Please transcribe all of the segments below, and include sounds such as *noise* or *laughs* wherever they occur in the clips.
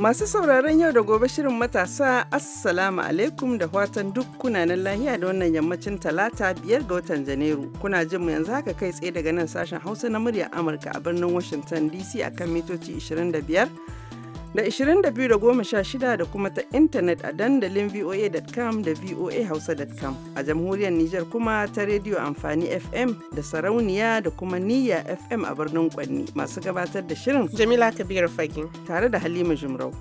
Masu sauraron yau da gobe shirin matasa Assalamu alaikum da watan duk kunanan lahiya da wannan yammacin talata biyar ga watan Janairu. Kuna jin mu yanzu haka kai tsaye daga nan sashen Hausa na muryar Amurka a birnin Washington DC akan mitoci 25 da 22 da 16 da kuma ta intanet a dandalin voa.com da voahausa.com a jamhuriyar Nijar kuma ta rediyo amfani FM da sarauniya da kuma niyya FM a birnin Kwanni masu gabatar da shirin Jamila kabiru Fagin tare da Halima Jumrau.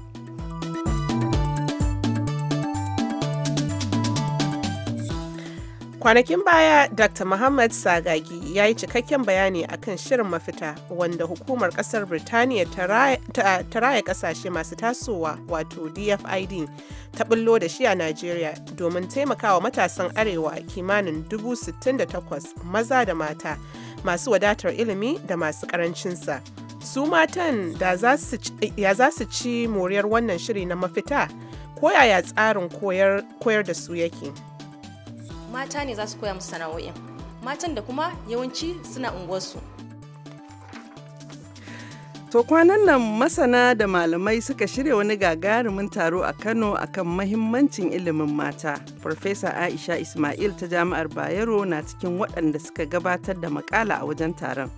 Kwanakin baya, Dr. Muhammad Sagagi ya yi cikakken bayani akan shirin mafita wanda hukumar ƙasar Birtaniya ta raya ƙasashe masu tasowa wato DFID ta bullo da shi a Najeriya domin taimakawa matasan arewa kimanin 68,000 maza da mata masu wadatar ilimi da masu karancinsa. Su matan ya za su ci moriyar wannan shiri na mafita ko yaya tsarin koyar da su yake. mata ne za su koya musu sana'o'in matan da kuma yawanci suna unguwarsu To kwanan nan masana da malamai suka shirya wani gagarumin taro a Kano akan mahimmancin ilimin mata. Farfesa Aisha Ismail ta Jami'ar Bayero na cikin waɗanda suka gabatar da makala a wajen taron.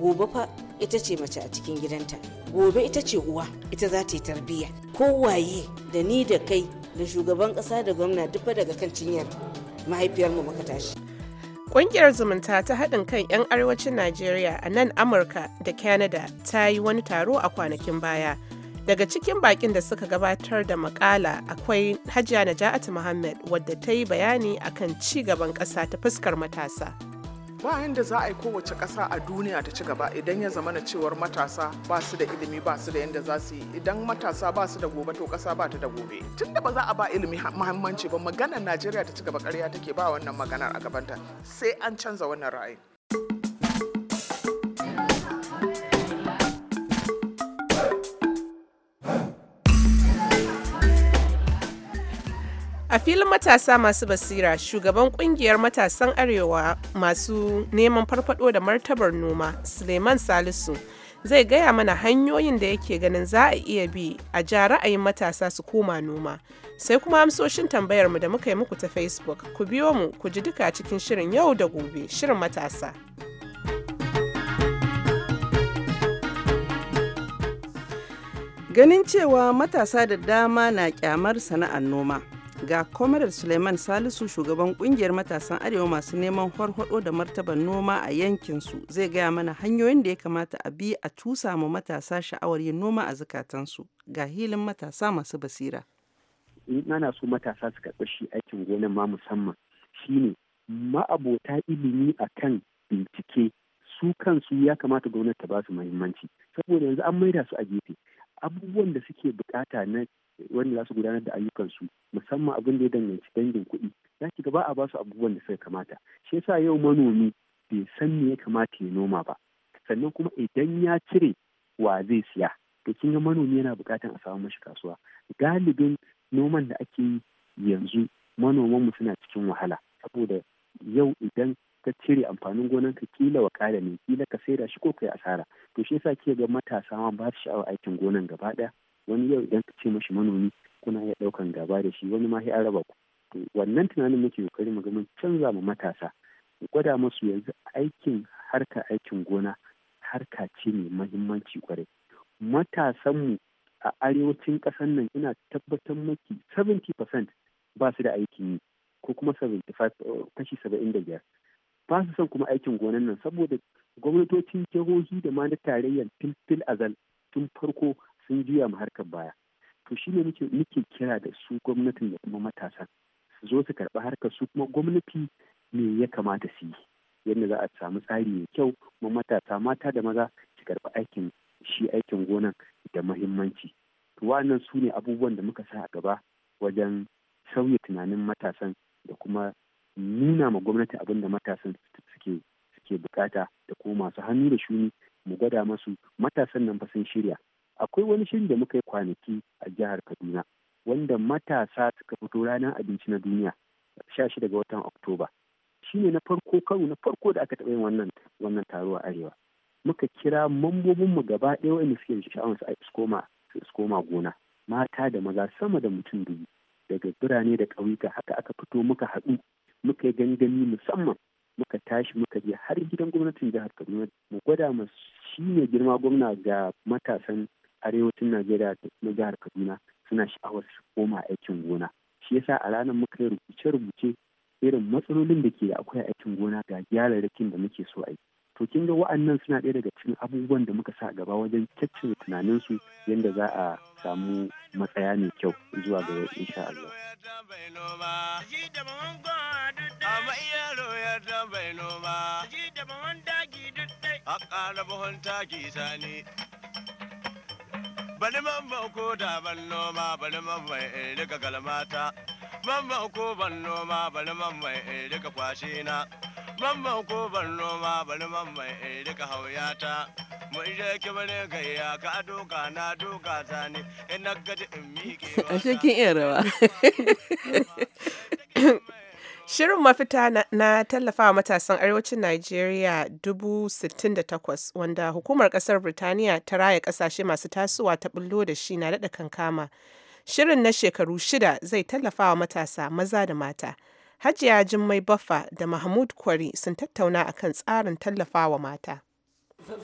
Gobe fa ita ce mace a cikin gidanta, gobe ita ce uwa, ita za ta yi tarbiyya. Kowaye da ni da kai da shugaban ƙasa da gwamna duk daga kan cinyar mahaifiyarmu muka tashi Ƙungiyar zumunta ta haɗin kan 'yan arewacin Najeriya a nan Amurka da Canada ta yi wani taro a kwanakin baya. Daga cikin bakin da suka gabatar da makala akwai Hajiya Naja'atu Muhammad wadda ta yi bayani akan ci gaban ƙasa ta fuskar matasa. bayan da za a yi kowace ƙasa a duniya ta ci gaba idan ya zamana cewar matasa ba su da ilimi ba su da yadda za su yi idan matasa ba su da gobe to ƙasa ba ta da gobe tunda ba za a ba ilimi muhimmanci ba maganar najeriya ta ci gaba ƙarya take ba wannan maganar a gabanta sai an canza wannan ra'ayi A filin matasa masu basira, shugaban kungiyar matasan Arewa masu neman farfado da martabar noma, Suleiman Salisu, zai gaya mana hanyoyin da yake ganin za a iya bi a ja ra'ayin matasa su koma noma. Sai kuma amsoshin tambayar mu da muka yi muku ta Facebook, ku biyo mu ku ji duka cikin shirin yau da gobe, shirin matasa. Ganin cewa matasa da dama na kyamar sana'ar noma. ga Komarar Suleiman Salisu shugaban kungiyar matasan Arewa masu neman horhodo da martaban noma a yankinsu zai gaya mana hanyoyin da ya kamata a bi a tusa ma matasa sha'awar yin noma a zukatansu ga hilin matasa masu basira. In ana so matasa su karɓi shi aikin gonan ma musamman shine ma'abota ilimi a kan bincike su kansu ya kamata gwamnati ta ba su muhimmanci saboda yanzu an maida su a gefe abubuwan da suke bukata na wanda za su gudanar da ayyukansu musamman abin da ya danganci dangin kuɗi za ki ga ba a ba su abubuwan da suka kamata shi yasa yau manomi bai san me ya kamata ya noma ba sannan kuma idan ya cire wa zai siya to kin ga manomi yana buƙatar a samu mashi kasuwa galibin noman da ake yi yanzu manomanmu suna cikin wahala saboda yau idan ka cire amfanin gonanka kila wa da ne kila ka saida shi ko kai asara to shi yasa ke ga matasa ma ba su sha'awar aikin gonan gaba ɗaya wani yau idan ka ce mashi manomi kuna iya ɗaukan gaba da shi wani ma an raba ku wannan tunanin muke kokari mu ga mun canza ma matasa mu gwada musu yanzu aikin harka aikin gona harka ce mai mahimmanci kwarai matasanmu a arewacin ƙasar nan ina tabbatar maki 70% ba su da aikin yi ko kuma 75 eh, kashi 75 ba su son kuma aikin gonan nan saboda gwamnatocin jihohi da ma na tarayyar filfil azal tun farko sun juya mu harkar baya to shine muke muke kira da su gwamnatin da kuma matasan su zo su karɓi harkar su kuma gwamnati ne ya kamata su yi yadda za a samu tsari mai kyau kuma matasa mata da maza su karɓi aikin shi aikin gona da mahimmanci to wannan su ne abubuwan da muka sa a gaba wajen sauya tunanin matasan da kuma nuna ma gwamnati abin da matasan suke suke bukata da kuma masu hannu da shuni mu gwada masu matasan nan fa sun shirya akwai wani shiri da muka yi kwanaki a jihar kaduna wanda matasa suka fito ranar abinci na duniya sha shida ga watan oktoba shi ne na farko karo na farko da aka taɓa yin wannan taro a arewa muka kira mambobin mu gaba ɗaya wanda suke sha'awar su koma su koma gona mata da maza sama da mutum dubu daga birane da ƙauyuka haka aka fito muka haɗu muka yi gangami musamman muka tashi muka je har gidan gwamnatin jihar kaduna mu gwada ma shi ne girma gwamna ga matasan arewacin Najeriya da na jihar Kaduna suna sha'awar su koma aikin gona. Shi yasa a ranar muka yi rubuce-rubuce irin matsalolin da ke da akwai aikin gona ga gyararrakin da muke so a yi. To kin ga wa'annan suna ɗaya daga cikin abubuwan da muka sa gaba wajen tunanin tunaninsu yadda za a samu matsaya mai kyau zuwa ga insha Allah. A Bani man ba ko da ban noma Bani man mai in rika kalmata man ko ban noma Bani man mai in rika kwashe na man ko ban noma Bani man mai in rika hauyata mu ije ki bari gayya ka doka na doka zani in na in miƙe *laughs* A cikin iya rawa *laughs* Shirin mafita na, na tallafa matasan arewacin Najeriya takwas wanda hukumar kasar Birtaniya ta raya kasashe masu tasowa ta bullo da shi na daɗa kankama. Shirin na shekaru shida zai tallafa wa matasa maza da mata. Hajiya Jummai Baffa da Mahmud Kwari sun tattauna akan tsarin tallafa wa mata.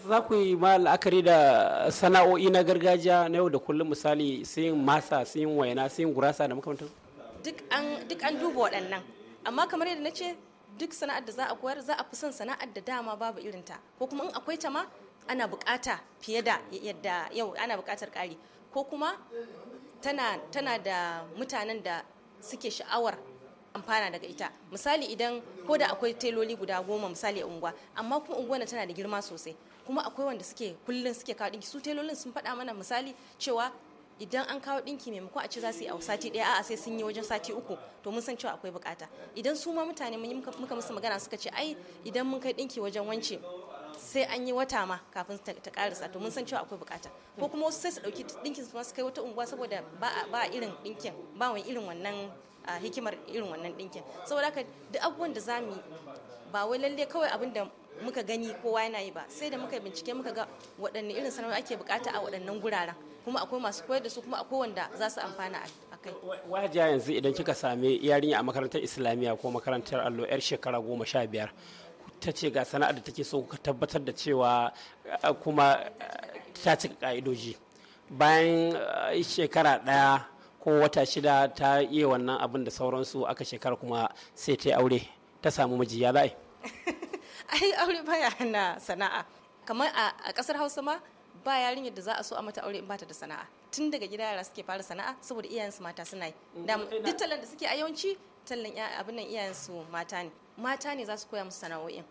za ku yi ma la'akari da sana'o'i na gargajiya na yau da kullum misali sun masa sun waina sun gurasa da makamantan duk an duba waɗannan amma kamar yadda na ce duk sana'ar da za a koyar za a fi son sana'ar da dama babu irinta ko kuma in akwai ta ma ana bukata fiye da yadda yau ana bukatar ƙari ko kuma tana, da mutanen da suke sha'awar amfana daga ita misali idan ko da akwai teloli guda goma misali unguwa amma kuma unguwar tana da girma sosai kuma akwai wanda suke kullum suke kawo su telolin sun faɗa mana misali cewa idan an kawo dinki maimakon a ce za su yi a sati daya a'a sai sun yi wajen sati uku to mun san cewa akwai bukata idan su ma mutane muka musu magana suka ce ai idan mun kai dinki wajen wance sai an yi wata ma kafin ta karasa to mun san cewa akwai bukata ko kuma wasu sai su dauki dinkin su su kai wata unguwa saboda ba irin dinkin ba wani irin wannan hikimar irin wannan dinkin saboda haka duk abubuwan da zamu ba wai lalle kawai abin da muka gani kowa yana yi ba sai da muka bincike muka ga waɗanne irin sanarwa ake bukata a waɗannan guraren kuma akwai masu koyar da su kuma akwai wanda za su amfana a kai Wajen yanzu idan kika same yarinya a makarantar islamiyya ko makarantar allo yar shekara goma sha biyar ta ce ga sana'ar da take so ka tabbatar da cewa eh, kuma eh, ta cika ka'idoji bayan eh, shekara ɗaya ko wata shida ta iya wannan abin da sauransu aka shekara kuma sai ta aure ta samu miji ya za'a *laughs* ai aure baya hana sana'a kamar a kasar hausa ma ba yarinyar da za a so a mata aure in bata da sana'a tun daga gida yara suke fara sana'a saboda iyayensu mata suna yi mm. duk tallan da suke a yawanci tallan abin nan iyayensu mata ne mata ne za su koya musu sana'o'in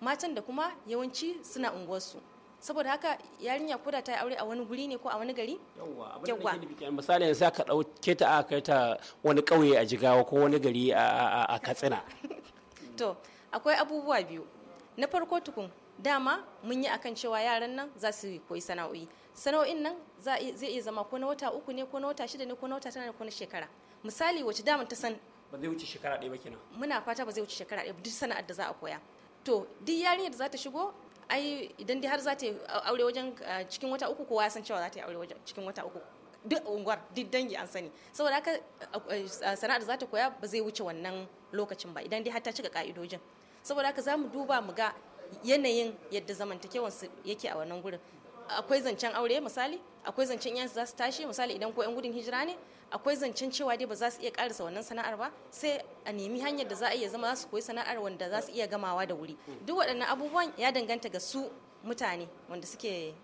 matan da kuma yawanci suna unguwarsu saboda haka yarinya koda ta yi aure a wani guri ne ko a wani gari yawwa misali yanzu aka dauke ta aka kai ta wani kauye a jigawa ko wani gari a katsina *laughs* to akwai abubuwa biyu na farko tukun dama mun yi akan cewa yaran nan za su koyi sana'o'i sana'o'in nan zai iya zama ko na wata uku ne ko na wata shida ne ko na wata tana ko na shekara misali wacce daman ta san ba zai wuce shekara ɗaya ba kenan muna fata ba zai wuce shekara ɗaya duk sana'ar da za a koya to duk yarinyar da za ta shigo ai idan dai har za ta aure wajen cikin wata uku kowa ya san cewa za ta yi aure wajen cikin wata uku duk unguwar duk dangi an sani saboda haka sana'ar da za ta koya ba zai wuce wannan lokacin ba idan dai har ta cika ka'idojin saboda haka za mu duba mu ga yanayin yadda zamantakewansu yake a wannan gurin akwai zancen aure misali akwai zancen yansu za su tashi misali idan ko 'yan gudun hijira ne akwai zancen cewa dai ba za su iya karasa wannan sana'ar ba sai a nemi hanyar da za a iya zama za su koyi sana'ar wanda za su iya gamawa da wuri duk waɗannan abubuwan ya danganta ga su mutane wanda suke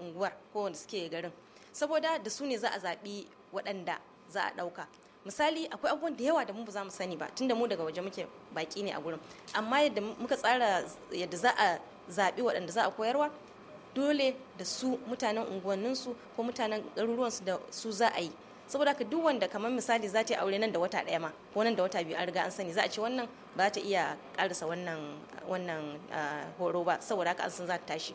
unguwar ko wanda suke garin saboda da su ne za a zaɓi waɗanda za a ɗauka misali akwai abubuwan da yawa da mu ba za mu sani ba tunda mu daga waje muke baki ne a gurin amma yadda muka tsara yadda za a zaɓi waɗanda za a koyarwa dole da su mutanen su ko mutanen su da su za a yi saboda haka duk wanda kamar misali za ta yi aure nan da wata ɗaya ma ko nan da wata biyu an riga an sani za a ce wannan ba ta iya karasa wannan wannan horo ba saboda haka an san za ta tashi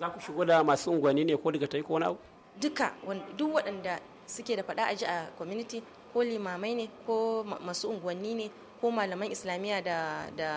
za ku shigo da masu unguwanni ne ko daga ta yi ko wani abu duka duk waɗanda suke da faɗa a ji a community ko limamai ne ko masu unguwanni ne ko malaman islamiyya da, da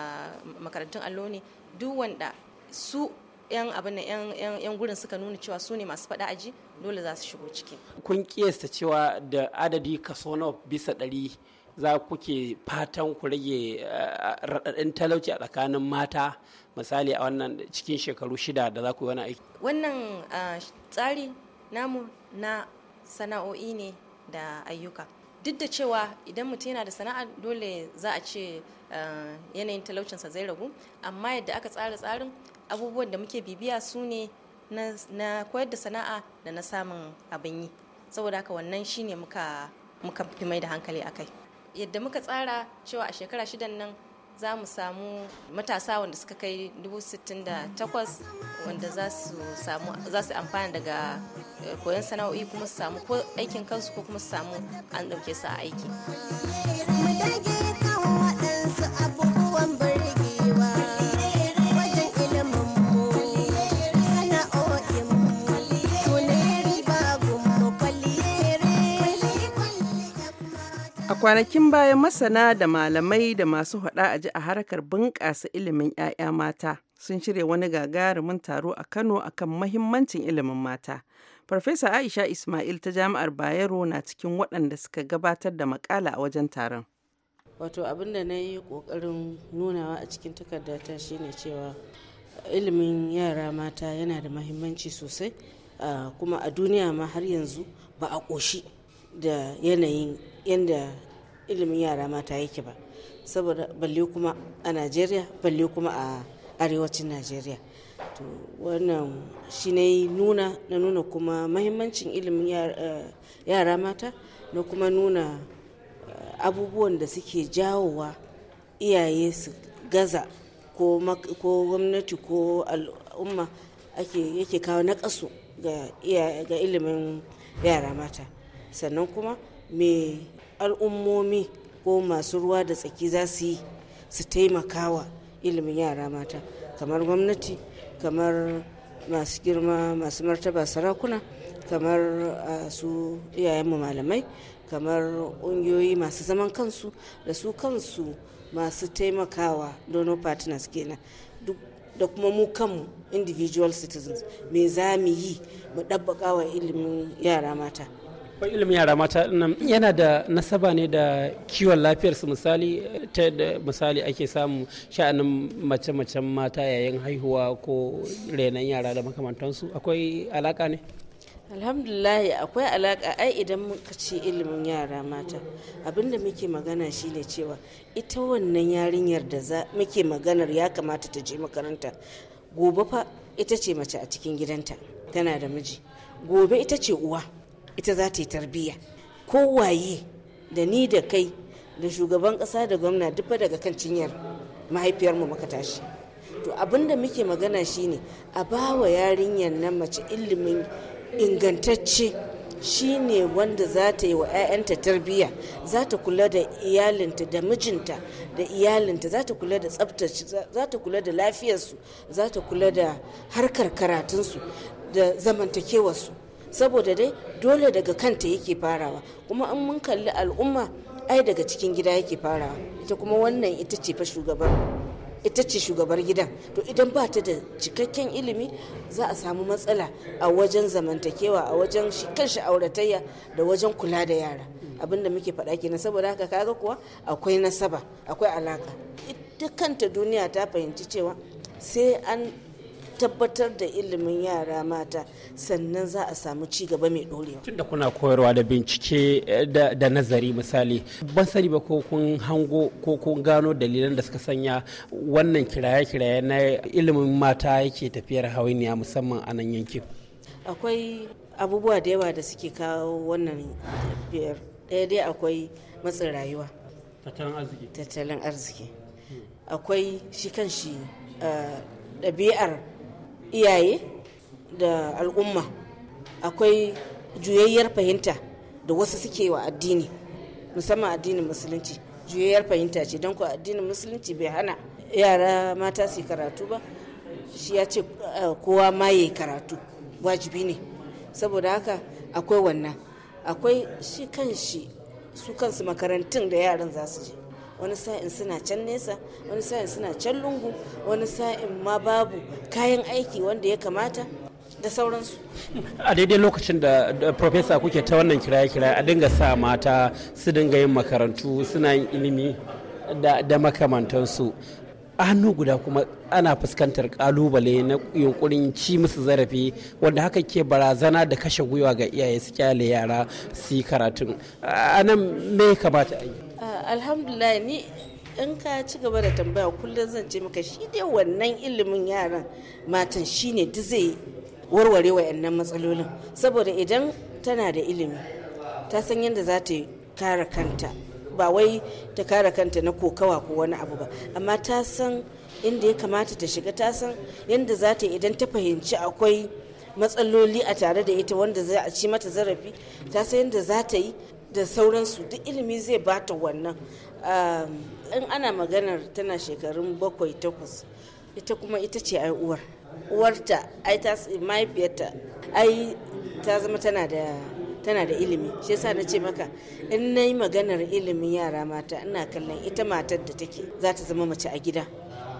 makarantun allo ne duk wanda su yan abin yan gurin suka nuna cewa su ne masu faɗa aji dole za su shigo ciki kun kiyasta cewa da adadi kaso na bisa ɗari za kuke fatan ku rage eh, raɗaɗin talauci a tsakanin mata misali a wannan cikin shekaru shida da za ku yi wani aiki wannan eh, tsari namu na sana'o'i ne da ayyuka duk da cewa idan mutum yana da sana'a dole za a ce eh, yanayin talaucinsa zai ragu amma yadda aka tsara tsarin abubuwan da muke bibiya su ne na koyar da sana'a da na samun abin yi saboda haka wannan shine muka muka fi mai da hankali akai yadda muka tsara cewa a shekara shidan nan za mu samu matasa wanda suka kai 68 wanda za su amfana daga eh, koyon sana'o'i kuma su samu ko aikin kansu ko kuma su samu an ɗauke su a aiki. kwanakin baya masana da malamai da masu hada ji a harkar bunƙasa ilimin 'ya'ya mata sun shirya wani gagarumin taro a Kano akan mahimmancin ilimin mata. Farfesa Aisha Ismail ta Jami'ar Bayero na cikin waɗanda suka gabatar da makala a wajen taron. Wato abin da na yi ƙoƙarin nunawa a cikin takardata shine cewa ilimin yara mata yana da mahimmanci sosai kuma a duniya ma har yanzu ba a ƙoshi da yanayin yadda ilimin yara mata yake ba saboda balle kuma a najeriya balle kuma a arewacin najeriya to wannan shi ne nuna na nuna kuma mahimmancin ilimin eh, yara mata na kuma nuna eh, abubuwan da suke jawowa iyaye su gaza ko gwamnati ko al'umma yake kawo nakasu ga ilimin yara mata sannan kuma me al'ummomi ko masu ruwa da tsaki za su yi su taimakawa ilimin yara mata kamar gwamnati kamar masu girma masu martaba sarakuna kamar su iyayenmu malamai kamar ƙungiyoyi masu zaman kansu da su kansu masu taimakawa donor partners kenan da kuma mu kanmu individual citizens me za mu yi mu ɗabbaƙawa wa ilimin yara mata Akwai ilimin yara mata nan yana da nasaba ne da kiwon lafiyarsu misali ta da misali ake samu sha'anin mace-macen mata yayin haihuwa ko renon yara da makamantansu akwai alaka ne? alhamdulahi akwai alaka ai idan muka ce ilimin yara mata abinda muke magana shine cewa ita wannan yarinyar da za muke maganar ya kamata ta je makaranta gobe fa ita ce mace a cikin gidanta tana da miji gobe ita ce uwa ita za ta yi tarbiyya kowaye da ni da kai da shugaban ƙasa da gwamna dufa daga kan cinyar mahaifiyarmu muka tashi to abinda muke magana shine a ba wa yarinyar nan mace ilimin ingantacce shine wanda za ta yi wa 'ya'yanta tarbiyya za ta kula da iyalinta da mijinta da iyalinta za ta kula da za ta kula da lafiyarsu za ta kula da harkar karatunsu da zamantakewarsu saboda dai dole daga kanta yake farawa kuma an mun kalli al'umma ai daga cikin gida yake farawa ita kuma wannan ita ce fa shugabar ita ce shugabar gidan to idan ba ta da cikakken ilimi za a samu matsala a wajen zamantakewa a wajen shi kan auratayya da wajen kula da yara abin da muke faɗa kenan saboda haka kaga kuwa akwai nasaba akwai alaka ita kanta duniya ta fahimci cewa sai an tabbatar da ilimin yara mata sannan za a samu ci gaba mai dorewa da kuna koyarwa da bincike eh, da nazari misali ban sani ba ko kun hango ko kun gano dalilan da suka sanya wannan kiraye-kiraye na ilimin mata yake tafiyar hawainiya musamman a nan yankin akwai abubuwa da yawa da suke kawo wannan tafiyar. ɗaya dai akwai matsin rayuwa tattalin arziki akwai shi kan shi eh, ɗabi'ar iyaye da al'umma akwai juyayyar fahimta da wasu suke wa addini musamman addinin musulunci juyayyar fahimta ce don kuwa addinin musulunci bai hana yara mata su karatu ba shi ya ce eh, kowa ma ya karatu wajibi ne saboda haka akwai wannan akwai shi kan shi su kansu makarantun da yaran za su je wani sa'in suna can nesa wani sa'in suna can lungu wani sa'in ma babu kayan aiki wanda ya kamata da sauransu a daidai lokacin da profesa kuke ta wannan kiraye-kiraye a dinga sa mata su dinga yin makarantu suna yin ilimi da makamantansu a hannu guda kuma ana fuskantar kalubale na yunkurin ci musu zarafi wanda haka ke barazana da kashe gwiwa ga iyaye su kyale yara su yi karatun a nan me kamata a yi Ah, alhamdulillah ni in ka ci gaba da tambaya kullum zan ce maka shi dai wannan ilimin yaran matan shi ne duk zai warware wayannan matsalolin saboda idan tana da ilimi ta san yadda za ta kare kanta ba wai ta kare kanta na kokawa ko wani abu ba amma ta san inda ya kamata ta shiga ta san yadda za ta idan ta fahimci akwai matsaloli a tare da ita wanda za a ci mata zarafi ta san yadda za ta yi da sauransu duk ilimi zai bata wannan in ana maganar tana shekarun bakwai takwas ita kuma ita ce ai uwar uwarta ai ta mahaifiyarta ai ta zama tana da tana da ilimi shi yasa na ce maka in na yi maganar ilimin yara mata ina kallon ita matar da take za ta zama mace a gida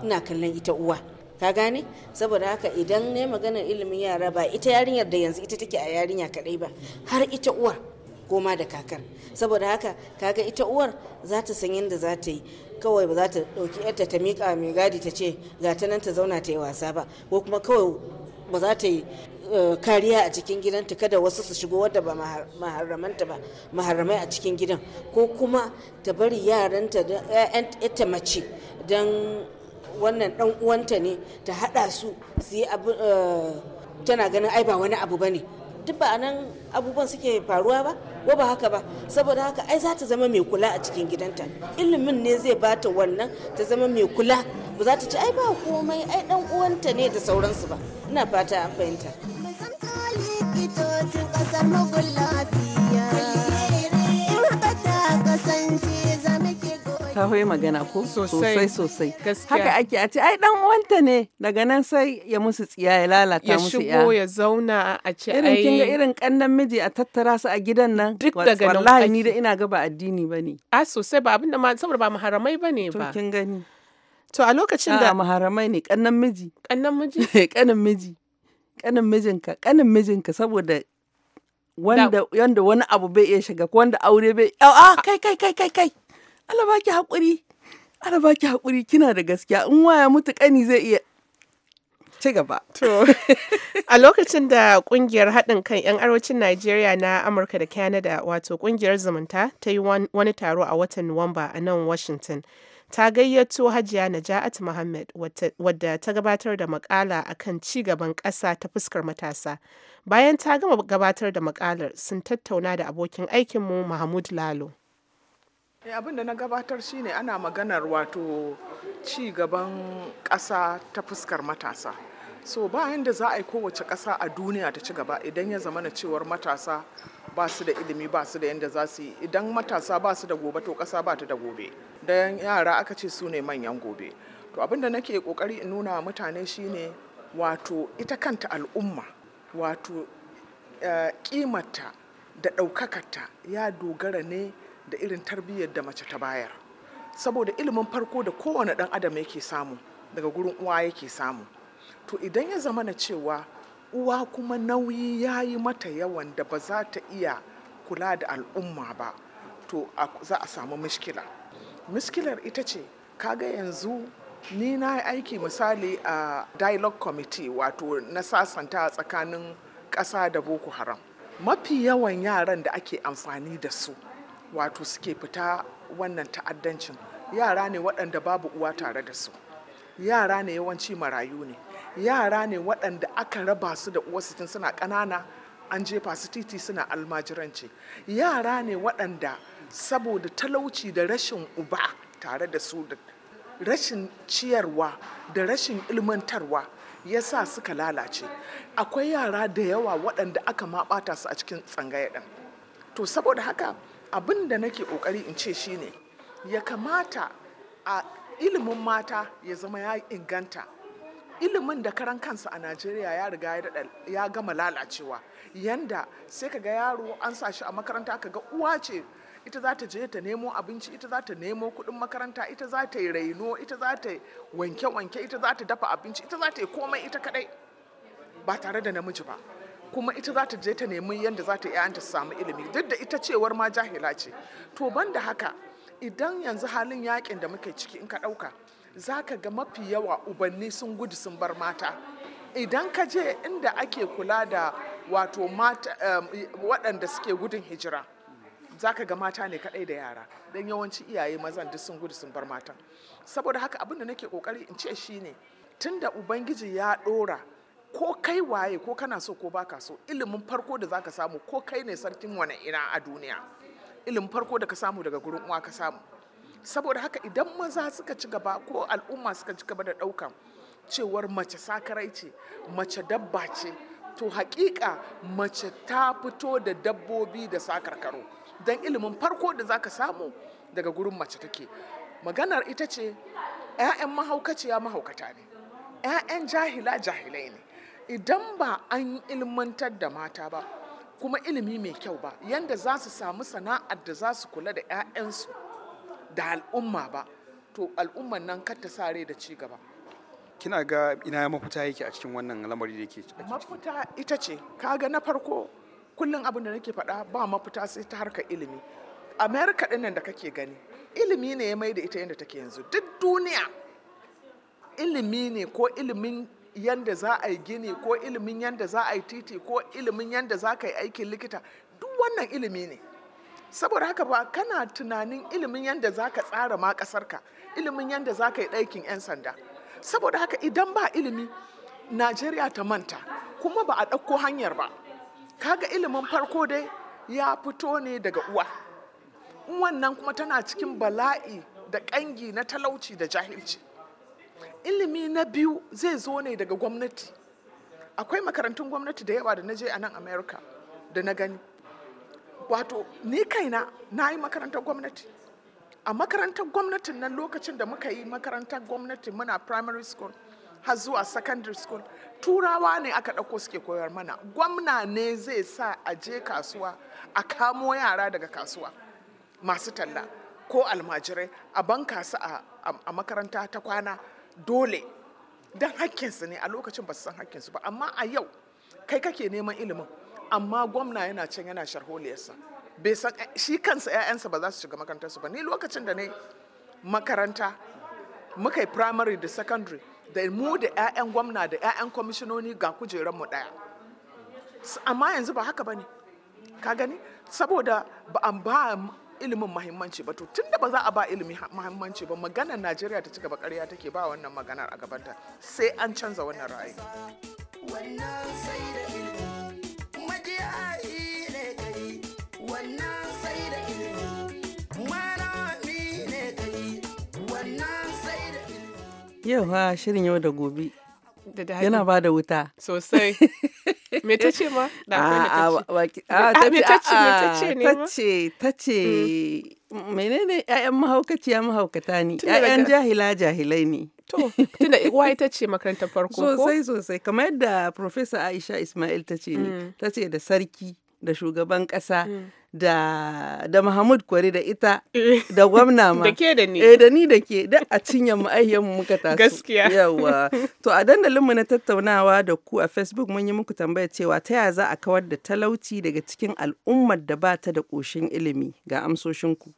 ina kallon ita uwa ka gane saboda haka idan na yi maganar ilimin yara ba ita yarinyar da yanzu ita take a yarinya kadai ba har ita uwar koma da kakar saboda haka kaga ita uwar za ta san yadda za ta yi kawai ba za ta ɗauki yarta ta miƙa mai gadi ta ce ga ta nan ta zauna ta yi wasa ba ko kuma kawai ba za ta yi eh, kariya a cikin gidanta kada wasu su shigo wadda ba maharamanta ba maharamai a cikin gidan ko kuma ta bari yaranta da ita mace don wannan dan uwanta ne ta hada su su yi abu eh, tana ganin ai ba wani abu bane duk ba nan abubuwan suke faruwa ba ko ba haka ba saboda haka ai za ta zama mai kula a cikin gidanta ilimin ne zai bata wannan ta zama mai kula ba za ta ci ai ba komai ai dan uwanta ne da sauransu ba ina fata an fahimta kasar mu lafiya. kasance ta hoyi magana ko sosai sosai haka ake a ce ai dan wanta ne daga nan sai ya musu tsiya ya lalata musu ya shigo ya zauna a ce ai irin kinga irin kannan miji a tattara su a gidan nan duk daga nan wallahi ni da ina ga ba addini bane a sosai ba abinda ma saboda ba muharramai bane ba to kin gani to a lokacin da muharramai ne kannan miji kannan miji kanin *laughs* miji kanin mijinka kanin mijinka saboda wanda wani abu bai iya shiga wanda aure bai a kai kai kai kai kai Allah baki haƙuri Allah baki haƙuri kina da gaskiya in waya mutu kani zai iya ci gaba. *laughs* a lokacin da kungiyar haɗin kan 'yan arewacin Najeriya na Amurka da Canada wato kungiyar zumunta ta yi wani taro a watan Nuwamba a nan Washington. Ta gayyato Hajiya najat Muhammad wadda ta gabatar da makala kan ci gaban ƙasa ta fuskar matasa. Bayan ta gama gabatar da makalar sun tattauna da abokin aikinmu Mahmud Lalo. Eh, abin da na gabatar shine ana maganar wato ci gaban ƙasa ta fuskar matasa so bayan da za a yi kowace ƙasa a duniya ta ci gaba idan ya zama na cewar matasa ba su da ilimi ba su da yadda za su yi idan matasa ba su da gobe to ƙasa ba ta da gobe don yara aka ce su ne manyan gobe to abin da nake ƙoƙari in nuna mutane shine wato ita kanta al'umma wato uh, eh, kimata da ɗaukakarta ya dogara ne da irin tarbiyyar da mace ta bayar saboda ilimin farko da kowane ɗan adam yake samu daga gurin uwa yake samu to idan ya zama na cewa uwa kuma nauyi ya yi mata yawan da ba za ta iya kula da al'umma ba to za a samu mishkila Miskilar ita ce kaga yanzu ni na yi aiki misali a dialog dialogue committee wato na sasanta a tsakanin ƙasa da boko haram mafi yawan yaran da ake amfani da su wato suke fita wannan ta'addancin yara ne waɗanda babu uwa tare da su yara ne yawanci marayu ne yara ne waɗanda aka raba su da uwa tun suna ƙanana an jefa su titi suna almajiranci yara ne waɗanda saboda talauci da rashin uba tare da su da rashin ciyarwa da rashin ilmantarwa ya sa suka lalace akwai yara da yawa waɗanda aka ma ɓata su a cikin tsangaya to saboda haka abin da nake ƙoƙari in ce shine ya kamata a ilimin mata ya zama ya inganta ilimin da karan kansa a najeriya ya riga ya gama lalacewa yanda sai ka ga yaro an sa shi a makaranta ka ga uwa ce ita za ta je ta nemo abinci ita za ta nemo kuɗin makaranta ita za ta yi raino ita za ta wanke-wanke ita za ta dafa abinci ita za ta yi komai ita kadai ba tare da namiji ba kuma ita za ta je ta nemi yadda za ta ya'yanta su samu ilimi duk da ita cewar ma jahila ce to ban da haka idan yanzu halin yakin da muke ciki in ka ɗauka za ka ga mafi yawa ubanni sun gudu sun bar mata idan ka je inda ake kula da wato mata waɗanda suke gudun hijira za ka ga mata ne kaɗai da yara don yawanci iyaye mazan duk sun gudu sun bar matan saboda haka abin da nake ƙoƙari in ce shine tun da ubangiji ya ɗora ko kai waye ko kana so ko baka so ilimin farko da zaka samu ko kai ne sarkin wani ina a duniya ilimin farko da ka samu daga gurin uwa ka samu saboda haka idan maza suka ci gaba ko al'umma suka ci gaba da ɗaukan cewar mace sakarai ce mace dabba ce to hakika mace ta fito da dabbobi da sakarkaro don ilimin farko da zaka samu daga gurin mace take maganar ita ce 'ya'yan mahaukaciya mahaukata ne 'ya'yan jahila jahilai ne idan ba an ilmantar da mata ba kuma ilimi mai kyau ba yanda za su samu sana'ar da za su kula da 'ya'yansu da al'umma ba to al'umman nan kar ta sa rai da ci gaba kina ga ina mafita yake a cikin wannan lamari da ke mafita ita ce kaga na farko kullum abin da nake faɗa ba mafuta sai ta harka ilimi amerika ɗinnan da kake gani ilimi ne ya mai da ita yadda take yanzu duk duniya ilimi ne ko ilimin yanda za a yi gini ko ilimin yanda za a yi titi ko ilimin yanda za ka yi aikin likita duk wannan ilimi ne saboda haka ba kana tunanin ilimin yanda za ka tsara ma ƙasarka ilimin yanda za ka yi ɗaikin 'yan sanda saboda haka idan ba ilimi najeriya ta manta kuma ba a ɗauko hanyar ba kaga ilimin farko dai ya fito ne daga uwa wannan kuma tana cikin bala'i da ƙangi na talauci da jahilci ilimi na biyu zai zo ne daga gwamnati akwai makarantun gwamnati da yawa da na je a nan america da na gani wato ni kaina na yi makarantar gwamnati a makarantar gwamnatin nan lokacin da muka yi makarantar gwamnati muna primary school har zuwa secondary school turawa ne aka ɗauko suke koyar mana gwamna ne zai sa a je kasuwa a kamo yara daga kasuwa masu talla ko almajirai a banka su a makaranta ta kwana dole don hakkinsu ne a lokacin ba su san hakkinsu ba amma a yau kai kake neman ilimin amma gwamna yana can yana sharholiyarsa bai san eh, shi kansa 'ya'yansa ba za su shiga makarantarsu ba ni lokacin da ne makaranta muka yi primary da secondary da mu da 'ya'yan gwamna da 'ya'yan kwamishinoni ga mu ɗaya amma yanzu ba haka ba ne ka gani saboda ba ilimin mahimmanci ba to tunda ba za a ba ilimi mahimmanci ba maganar najeriya ta ci gaba karya take ba wannan maganar a gabanta sai an canza wannan ra'ayi wannan shirin yau da gobe. Yana ba da wuta. Sosai. *laughs* *laughs* me ta ce ma da akwai me ta me ta ce ne ma ta ce ta ce mm. menene ƴaƴan mahaukaciya mahaukata ne ƴaƴan jahila jahilai ne to tunda uwa ita ce makarantar farko ko sosai sosai kamar yadda professor Aisha Ismail ta ce ne mm. ta ce da sarki da shugaban ƙasa mm. da da Mahmud Kwari da ita da eh, gwamna *laughs* ma da ke da ni eh da ni da ke da a cinye mu ayyan mu muka taso gaskiya *laughs* yawa to a dandalin na tattaunawa da ku a Facebook mun yi muku tambaya cewa ta yaya za a kawar da talauci daga cikin al'ummar da ba ta da koshin ilimi ga amsoshin ku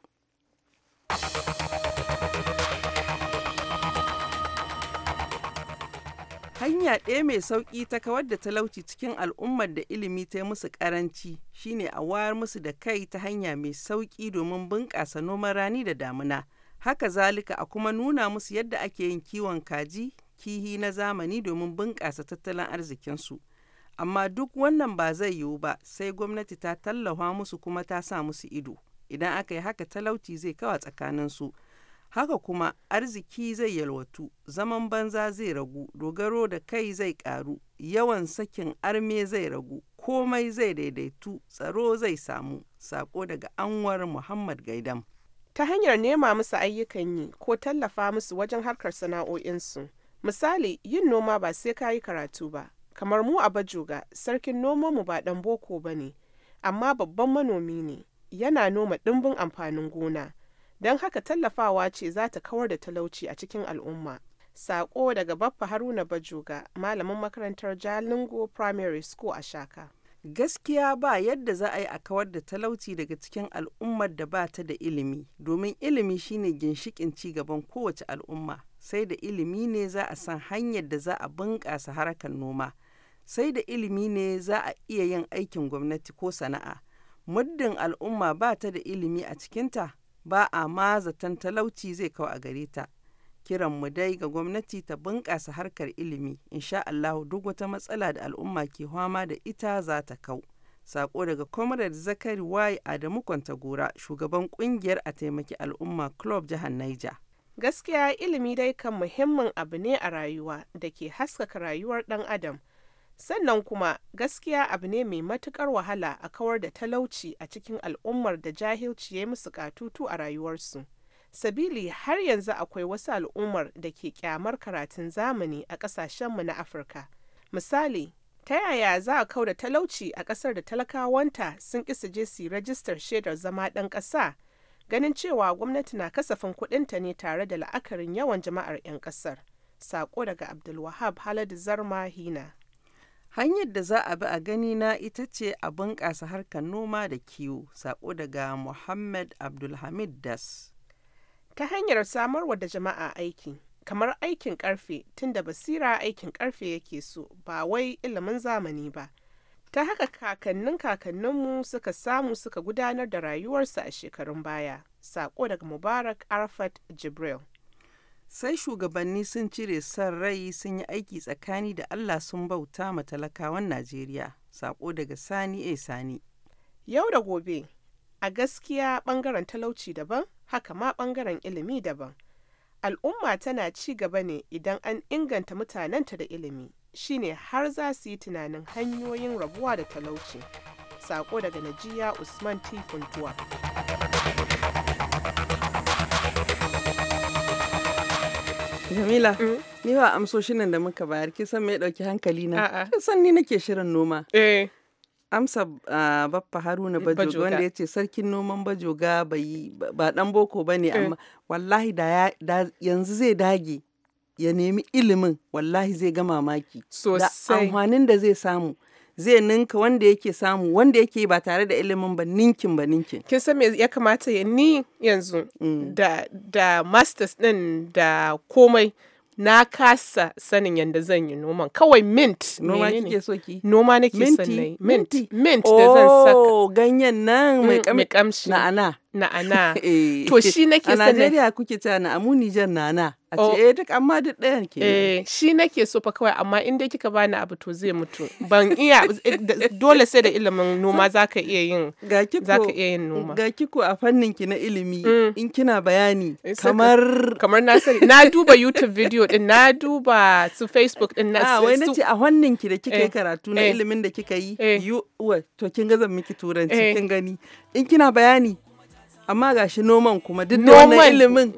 Hanya ɗaya mai sauƙi ta kawar da talauci cikin al'ummar da ilimi ta yi musu ƙaranci shine a wayar musu da kai ta hanya mai sauƙi domin bunƙasa noman rani da damuna. Haka zalika a kuma nuna musu yadda ake yin kiwon kaji, kihi na zamani domin bunƙasa tattalin arzikinsu. Amma duk wannan ba zai yiwu ba sai gwamnati ta tallafa musu kuma ta sa musu ido. Idan aka yi haka talauci zai kawa tsakaninsu. su. haka kuma arziki zai yalwatu zaman banza zai ragu dogaro da kai zai karu yawan sakin arme zai ragu komai zai daidaitu tsaro zai samu sako daga anwar muhammad gaidam ta hanyar nema musu ayyukan yi ko tallafa musu wajen harkar sana'o'insu misali yin noma ba sai ka yi karatu ba kamar mu a bajoga sarkin nomanmu ba dan boko ba ne amma babban manomi ne yana noma ɗimbin amfanin gona don haka tallafawa ce za ta kawar da talauci a cikin al'umma. Sako daga Baffa Haruna Bajoga, malamin makarantar Jalingo Primary School a Shaka. Gaskiya ba yadda za a yi a kawar da talauci daga cikin al'ummar da ba ta da ilimi, domin ilimi shine ginshikin ci gaban kowace al'umma, sai da ilimi ne za a san hanyar da za a bunƙasa harkar noma, sai da ilimi ne za a iya yin aikin gwamnati ko sana'a. Muddin al'umma ba ta da ilimi a cikinta, ba a ma zaton talauci zai kawo a gare ta. Kiran mu dai ga gwamnati ta bunƙasa harkar ilimi, insha Allahu duk wata matsala da al'umma ke fama da ita za ta kau. Sako daga Comrade Zakari Y Adamu Kwantagora, shugaban kungiyar a taimaki al'umma Club Jihar Nija. Gaskiya ilimi dai kan muhimmin abu ne a rayuwa da ke haskaka rayuwar ɗan Adam. sannan kuma gaskiya abu ne mai matuƙar wahala a kawar da talauci a cikin al'ummar da jahilci ya yi musu katutu a rayuwarsu sabili har yanzu akwai wasu al'ummar da ke kyamar karatun zamani a ƙasashenmu na afirka misali ta yaya za a kau da talauci a ƙasar da talakawanta sun ƙi su je su rajistar shaidar zama ɗan ƙasa ganin cewa gwamnati na kasafin kuɗinta ne tare da la'akarin yawan jama'ar 'yan ƙasar sako daga abdulwahab haladu zarma hina Hanyar da za a bi a ganina ita ce a bunƙasa harkar noma da kiwo, sako daga Mohammed Abdulhamid Das. Ta hanyar samarwa da jama'a aiki, kamar aikin ƙarfe, tunda basira aikin ƙarfe yake so, ba wai ilimin zamani ba. Ta haka kakannin kakanninmu suka samu suka gudanar da rayuwarsu a shekarun baya, sako daga Mubarak Arafat Jibril. sai shugabanni sun cire son rai sun yi aiki tsakani da Allah sun bauta ma talakawan Najeriya. Sako daga Sani e Sani. Yau da gobe, a gaskiya ɓangaren talauci daban, haka ma ɓangaren ilimi daban. Al'umma tana ci gaba ne idan an inganta mutanenta da ilimi, shine har za su yi tunanin hanyoyin rabuwa da talauci. Sako daga Najiya Usman tifuntuwa. Jamila, mm. ni ba amsoshin nan da muka bayar, kin san me ya dauki hankali na? Kin san ni nake shirin noma. Eh. amsa baffa haruna bajoga wanda ya sarkin noman bajoga ba dan boko ba ne amma eh. wallahi da, yanzu zai dage ya nemi ilimin wallahi zai ga mamaki Sosai. da amfanin da zai samu zai ninka wanda yake samu wanda yake ba tare da ilimin ba ninkin ba ninkin kin san me ya kamata ya ni yanzu mm. da da masters din da komai na kasa sanin yadda zan yi noman kawai mint noma kike so ki noma nake son mint mint mint da zan saka oh ganyen nan mai kamshi mm, na'ana na'ana *laughs* eh. to shi nake sanin a Najeriya kuke ta na amu Nijar na'ana a ce oh. eh duk amma duk ɗayan ke eh shi nake so fa kawai amma in dai kika bani abu to zai mutu ban iya *laughs* dole sai da ilimin noma zaka iya yin zaka iya yin noma ga kiko a fannin ki na ilimi mm. in kina bayani eh, kamar kamar na sani na duba YouTube video din na duba su Facebook din na A ah, wai nace a fannin ki da kika yi eh. karatu na ilimin da kika yi to kin ga zan miki turanci kin gani in kina bayani amma ga shi noman kuma duk da wannan ilimin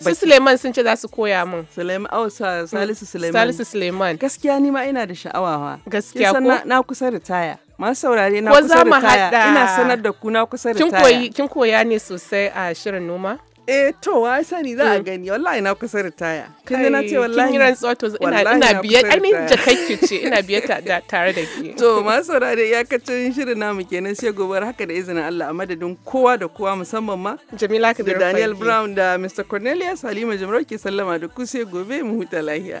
su Suleiman sun ce za su koya min. Suleiman oh, mm. Salisu Suleiman. Salisu Suleiman. Gaskiya ni ma ina da sha'awa wa. Gaskiya ko. Na, kusa ritaya. Masu saurare na kusa ritaya. Ina sanar da ku na kusa ritaya. Kin kin koya ne sosai a shirin noma? eh to wai sani za a mm. gani wallahi na kusa ritaya kin na ce wallahi kin rantsuwa to ina ina biye mean jakakki ce ina biye ta tare da ke to ma saurare ya kacin shirin namu kenan sai gobar haka da izinin Allah a madadin kowa da kowa musamman ma Jamila ka da Daniel Brown da Mr Cornelius Halima Jimroki sallama da ku sai gobe mu huta lafiya